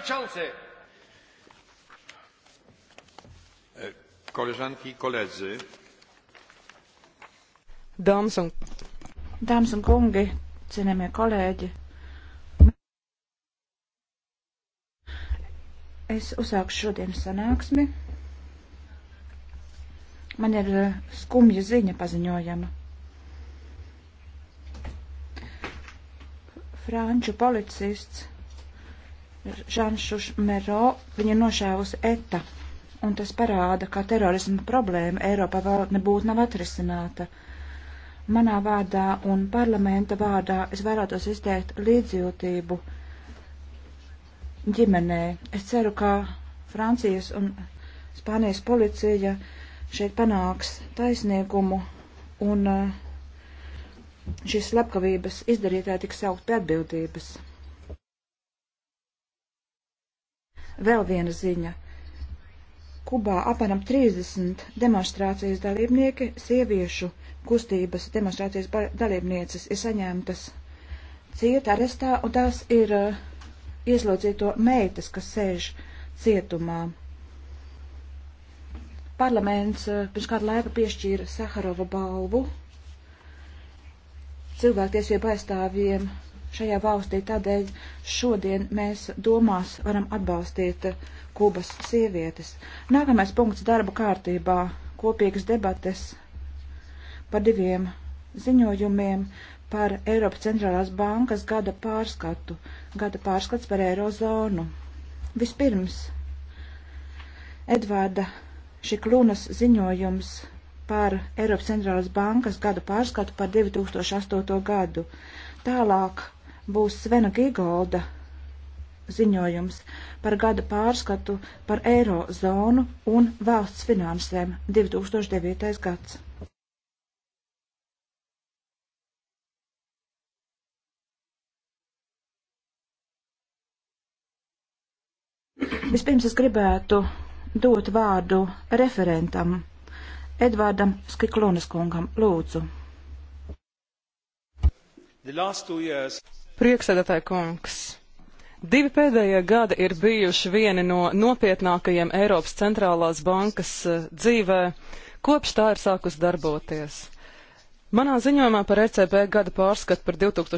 przewodniczący! E, koleżanki i koledzy. Dāmas un, Dāmas un kungi, cienījamie kolēģi, es uzsākšu šodienas sanāksmi. Man ir e, skumja ziņa paziņojama. franču policists Žanšuš Mero, viņa nošāvusi ETA, un tas parāda, ka terorisma problēma Eiropā vēl nebūtu nav atrisināta. Manā vārdā un parlamenta vārdā es vēlētos izteikt līdzjūtību ģimenē. Es ceru, ka Francijas un Spānijas policija šeit panāks taisnīgumu un eh, šīs slepkavības izdarītāji tiks saukt pie atbildības. Vēl viena ziņa. Kubā apmēram 30 demonstrācijas dalībnieki, sieviešu kustības demonstrācijas dalībnieces ir saņemtas cieta arestā, un tās ir uh, ieslodzīto meitas, kas sēž cietumā. Parlaments uh, pirms kādu laiku piešķīra Saharova balvu cilvēktiesību aizstāvjiem šajā valstī. Tādēļ šodien mēs domās varam atbalstīt Kubas sievietes. Nākamais punkts darba kārtībā - kopīgas debates par diviem ziņojumiem par Eiropas centrālās bankas gada pārskatu, gada pārskats par eirozonu. Vispirms Edvārda Šiklūnas ziņojums par Eiropas centrālās bankas gada pārskatu par 2008. gadu. Tālāk būs Svena Gigolda ziņojums par gada pārskatu par eirozonu un valsts finansēm 2009. gads. Vispirms es gribētu dot vārdu referentam Edvardam Skiklonis kungam. Lūdzu. Prieksēdētāji kungs, divi pēdējie gadi ir bijuši vieni no nopietnākajiem Eiropas centrālās bankas eh, dzīvē, kopš tā ir sākus darboties. Manā ziņojumā par ECB gada pārskatu par 2000.